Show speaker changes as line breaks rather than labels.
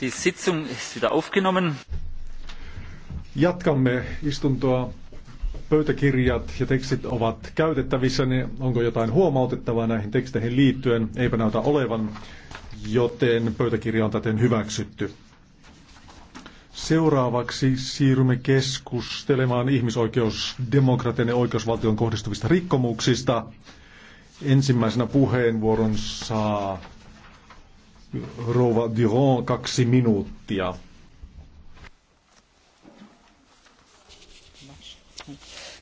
Die Sitzung ist wieder aufgenommen.
Jatkamme istuntoa. Pöytäkirjat ja tekstit ovat käytettävissä. Niin onko jotain huomautettavaa näihin teksteihin liittyen? Eipä näytä olevan, joten pöytäkirja on täten hyväksytty. Seuraavaksi siirrymme keskustelemaan ihmisoikeus, demokratian ja oikeusvaltion kohdistuvista rikkomuksista. Ensimmäisenä puheenvuoron saa Rouva Durand kaksi minuuttia.